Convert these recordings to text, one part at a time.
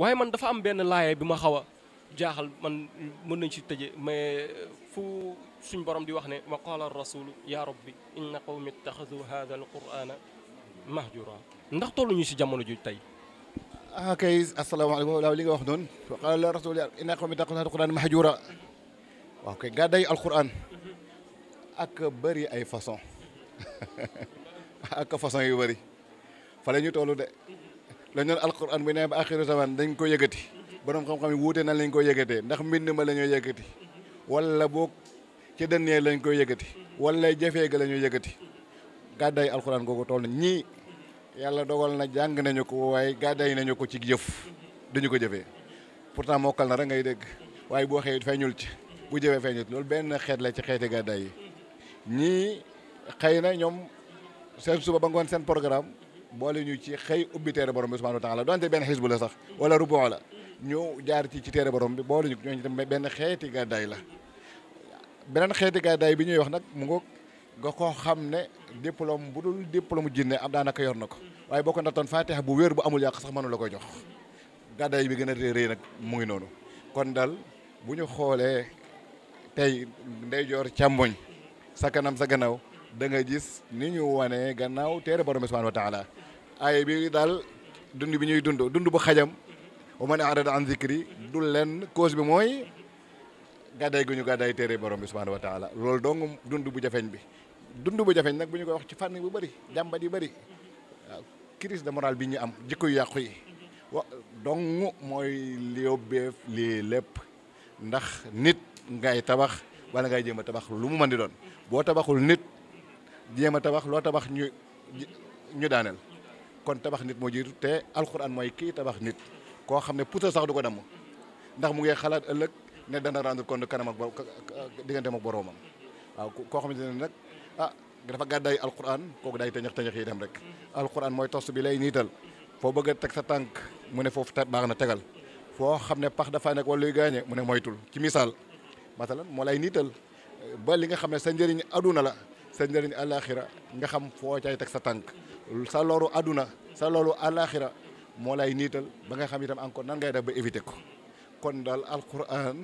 waaye man dafa am benn laaye bi ma xaw a jaaxal man mën nañ ci tëje mais euh, fu suñ borom di wax ne wa qaala rasulu ya rabbi inna qawmi ittaxadu hada al mahjura ndax tollu ñu jamono ju tey ah kay asalaamaaleykum wala li nga wax noonu wa qaala rasul inna qawmi ittaxadu hada al qurana mahjura waaw ay façon ak façon yu bari fa la ñu tollu de dañ doon alquran bu ne ba axiru zaman dañ ko yëkkati borom xam-xam yi wuute na lañ ko yëkkatee ndax mbind ma la ñoo walla wala boog ci dënnee lañ koy yëkkati wala jafee ga la ñuy yëkkati gàddaay alquran googu toll na ñii yàlla dogal na jàng nañu ko waaye gàddaay nañu ko ci jëf duñu ko jëfee pourtant mokkal na rek ngay dégg waaye boo xëyee feeñul ci bu jëfee feeñul ci loolu benn xeet la ci xeeti gàddaay yi ñii xëy na ñoom seen suba ba ngoon seen programme boole ñu ci xëy ubbi teere borom bi subhanahu wa taala donte benn xisbu la sax wala rubo la ñu jaar ci ci teere borom bi boole ñu ñooñu tam benn xeeti gàddaay la beneen xeeti gàddaay bi ñuy wax nag mu ngoog ga ko xam ne diplôme bu dul diplôme jinne am daanaka yor na ko waaye boo ko nattoon fatiha bu wér bu amul yàq sax mënu la koy jox gàddaay bi gën a rëy nag mu ngi noonu kon dal bu ñu xoolee tey ndeyjoor càmmoñ sa kanam sa gannaaw da nga gis ni ñu wane gannaaw teere borom bi subhanahu wa taala bi daal dund bi ñuy dund dund bu xajam wa man arada an zikri du leen cause bi mooy gàdday gu ñu gàdday borom bi subhanahu wa taala dund bu jafeñ bi dund bu jafeñ nag bu ñu koy wax ci fànn bu bëri jàmbat yu bëri waaw crise de bi ñu am jikko yàqu yi wa mooy li lépp ndax nit ngay tabax wala ngay jéem tabax lu mu mën di doon boo tabaxul nit jéem a tabax loo tabax ñu ñu daaneel kon tabax nit moo jiitu te alxuraan mooy kii tabax nit koo xam ne pusa sax du ko damm ndax mu ngi xalaat ëllëg ne dana rendre compte kanam ak digganteem ak boroomam waaw koo xamante ne nag ah dafa gàddaay alxuraan kooku day tëñëx tëñëx yi dem rek alxuraan mooy tos bi lay niital foo bëgg a teg sa tànk mu ne foofu baax na tegal foo xam ne pax dafa ne wala luy gaañe mu ne moytul ci misaal masalan moo lay niital ba li nga xam ne sa njëriñ aduna la sa njëriñ àllaaxira nga xam foo cay teg sa tànk sa loru àdduna sa loru àllaaxira moo lay niital ba nga xam itam encore nan ngay def ba évité ko kon daal alquran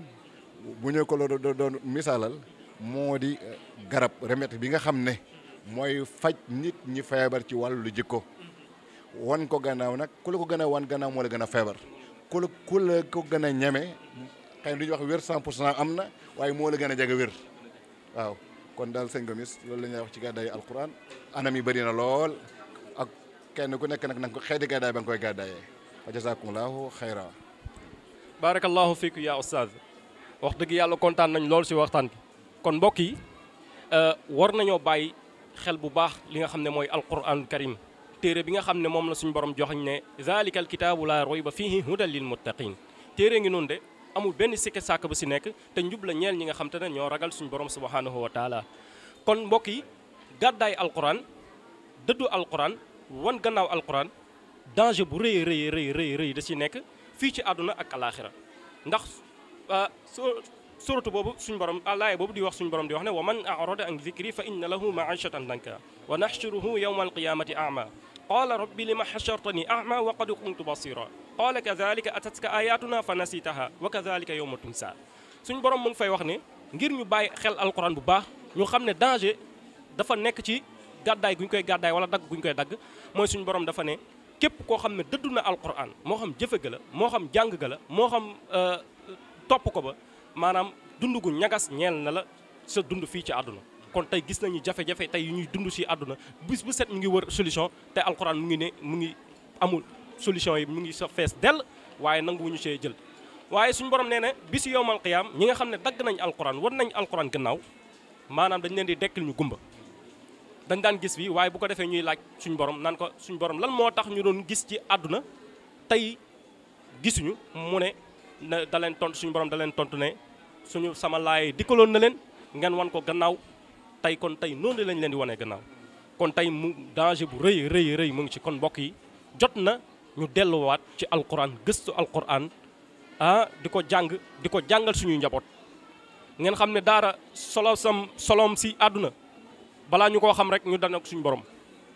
bu ñu ko loolu doon misaalal moo di eh, garab remède bi nga xam ne mooy faj nit ñi feebar ci wàllu jikko wan ko gannaaw nag ku la ko gën a wan gannaaw moo la gën a feebar ku la ku ko gën a ñeme xëy na du ñu wax wér 100 pour cent am na waaye moo la gën a jege wér waaw kon daal sëñ Gomis loolu la ñuy wax ci gàddaayu alquran anam yi bëri na lool ak kenn ku nekk nag nanga ko xeeti gàddaay ba nga koy gàddaayee wa jazakumullahu xayra barakallahu fiiku ya oustaz wax dëgg yàlla kontaan nañu lool si waxtaan bi kon mbokk yi euh, war nañoo bàyyi xel bu baax li nga xam ne mooy alquran karim téere bi nga xam ne moom la suñu borom joxañ ne zalika alkitaabu la ba fii hudan lil muttaqin téere ngi noonu de amul benn sikki sàkk bu si nekk te njub la ñeel ñi nga xam te ne ñoo ragal suñu borom subhanahu wa taala kon mbokk yi gàddaay alquran dëddu alquran wan gannaaw alquran danger bu rëy rëy rëy rëy rëy da si nekk fii ci àdduna ak alaaxira ndax euh, suratu boobu suñu borom laaya boobu di wax suñu borom di wax ne wa man arada an zikri fa inna lahu maachatan danka wa naxshuruhu yawma alqiyamati ama qaala rabbi lima xashartani ama wa qad kuntu basira qaala kadalika atatka ayatuna fa nasitaha wa kadalika yowma tunsa suñ borom mu ngi fay wax ne ngir ñu bàyyi xel alquran bu baax ñu xam ne danger dafa nekk ci gàddaay guñ koy gàddaay wala dagg guñ koy dagg mooy suñu borom dafa ne képp koo xam ne dëddu na alquran moo xam jëfe ga la moo xam jàng ga la moo xam topp ko ba maanaam dund gu ñagas ñeel na la sa dund fii ci àdduna kon tey gis nañu jafe-jafe tey yu ñuy dund ci àdduna bis bu set ñu ngi wër solution te alxuraan mu ngi ne mu ngi amul solution yi mu ngi sa fees dell waaye ñu see jël waaye suñu borom nee ne na bisu yowmal qiyaam ñi nga xam ne dagg nañ alxuraan war nañ alxuraan gannaaw maanaam dañ leen di dekkil ñu gumba dañ daan gis bi waaye bu ko defee ñuy laaj suñu borom naan ko suñu borom lan moo tax ñu doon gis ci àdduna tey gisuñu mu ne da leen tontu suñu borom da leen tontu ne suñu sama laay dikkaloon na leen ngeen wan ko gannaaw tey kon tey noonu lañ leen di wanee gannaaw kon tey mu danger bu rëy rëy rëy mu ngi ci kon mbokk yi jot na ñu delluwaat ci alquran gëstu alquran ah di ko jàng di ko jàngal suñuy njaboot ngeen xam ne daara solo sam solom si àdduna balaa ñu koo xam rek ñu dana suñu borom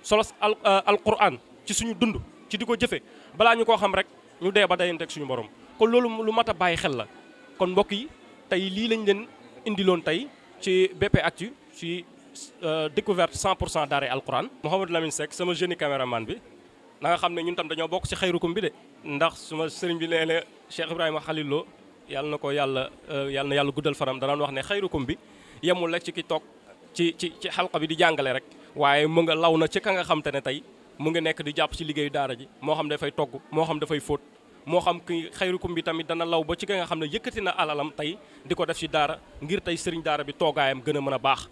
solos al euh, alquran ci suñu dund ci di ko jëfe balaa ñu koo xam rek ñu dee ba dayante ak suñu borom kon loolu lu mat a bàyyi xel la kon mbokk tey lii lañ leen indiloon tey ci bépp Actu si euh, découverte 100 pour cent daare alquran Mouhamadou Lamine Seck sama jeune man bi na xam ne ñun tam dañoo bokk ci xayrukum bi de ndax suma sëriñ bi nee ne Cheikh Ibrahima Khalil Lo yàlla na ko yàlla euh, yàlla na yàlla guddal fanam danaan wax ne xayrukum bi yemul rek ci ki toog ci ci ci xalqa bi di jàngale rek waaye mu nga law na ci ka nga xam te ne tey mu ngi nekk di jàpp ci liggéeyu daara ji moo xam dafay togg moo xam dafay fóot moo xam ki xayrukum bi tamit dana law ba ci nga xam ne yëkkati na alalam tey di ko def ci daara ngir tey sëriñ daara bi toogaayam gën a mën a baax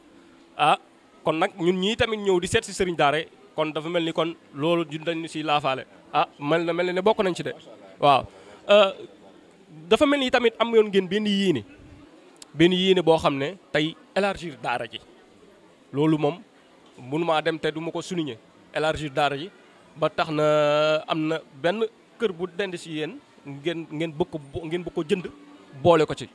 ah kon nag ñun ñii tamit ñëw di seet si sëriñ daara kon dafa mel ni kon loolu ju dañu si laafaale ah mel na mel na ne bokk nañ ci de waaw ah, dafa mel ni tamit am yoon ngeen benn yéene benn yéene boo xam ne tey élargir daara ji loolu moom mënumaa dem te du ma ko souligner élargir daara ji ba tax na am na benn kër bu dend ci yéen ngeen ngeen bëgg ko ngeen jënd boole ko ci.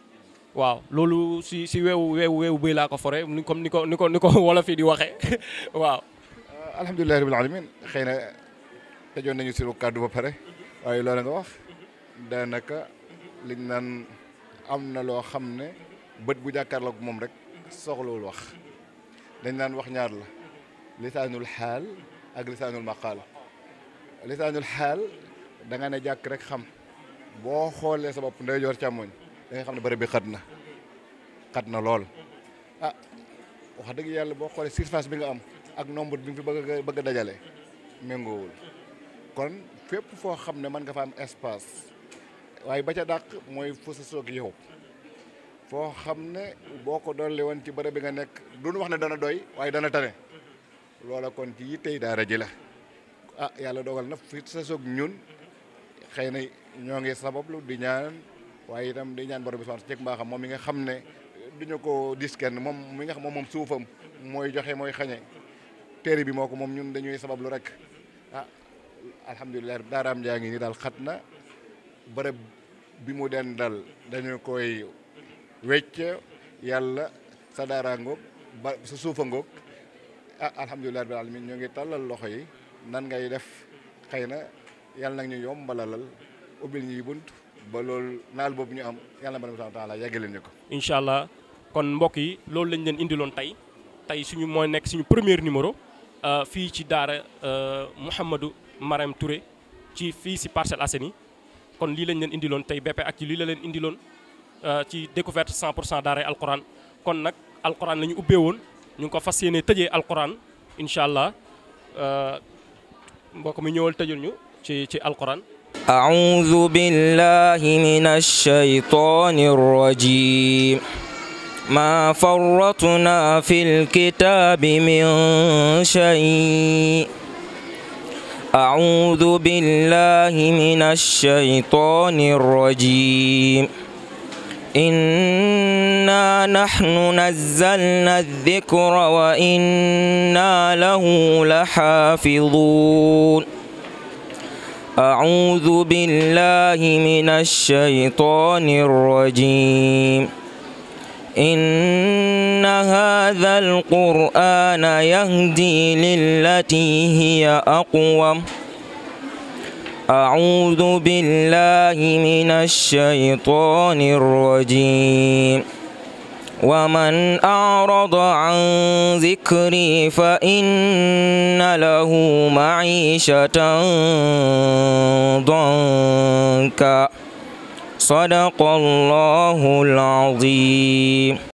waaw loolu si si weewu weewu weewu bëy laa ko fore ni comme ni ko ni ko ni ko wolof yi di waxee waaw. Euh, alhamdulilah rabbil alamin xëy na tëjoon nañu si kàddu ba pare waaye loolu nga wax daanaka liñ naan am na loo xam ne bët bu jàkkaarloog moom rek soxlawul wax dañ naan wax ñaar la lisaanul xaal ak lisaanul maqaal lisaanul xaal. da nga ne jàkk rek xam boo xoolee sa bopp ndeyjoor càmmoñ da xam ne bërëb bi xat na xat na lool ah wax dëgg yàlla boo xoolee surface bi nga am ak nombre bi nga fi bëgg bëgg dajale méngoowul kon fépp foo xam ne mën nga fa am espace waaye ba ca dàq mooy fu sa soog yow foo xam ne boo ko dolli woon ci bërëb bi nga nekk duñ wax ne dana doy waaye dana tane loola kon ci yittey daara ji la ah, yàlla dogal na fi sa soog ñun xëy na ñoo ngi sabablu di ñaan waaye itam di ñaan borom bi subhaanahu wa ta'aala cek mbaaxam moom mi nga xam ne duñu ko disken moom mi nga xam moom moom suufam mooy joxe mooy xañe téere bi moo ko moom ñun dañuy sabablu rek ah alhamdulilah daaraam jaa ngi nii daal xat na bërëb bi mu den dal dañu koy wecc yàlla sa daaraangoog ba sa suufangoog ah alhamdulilah rabbil alamin ñoo ngi tàllal loxo yi nan ngay def xëy na yàlla nag ñu lal ubbil ñuy bunt ba loolu naal boobu ñu am yàlla na ma taala yàggale ñu ko. incha allah kon mbokk yi loolu lañ leen indiloon tey tey suñu mooy nekk suñu premier numéro euh, fii ci daara euh, Mouhamadou Marème Touré ci fii si Parcelles Assainies kon lii lañ leen indiloon tey bépp ak ci lii la leen indiloon euh, ci découverte 100 pour cent daaray alquran kon nag alquran la ñu ubbee woon ñu ngi ko fas yéenee tëjee alquran incha allah mbokk mi ñëwal tëjul ci ci alquran أعوذ بالله من الشيطان الرجيم ما فرطنا في الكتاب من شيء أعوذ بالله من الشيطان الرجيم إنا نحن نزلنا الذكر وإنا له لحافظون أعوذ بالله من الشيطان الرجيم إن هذا القرآن يهدي للتي هي أقوم أعوذ بالله من الشيطان الرجيم ومن أعرض عن ذكري فإن له معيشة ضنكا صدق الله العظيم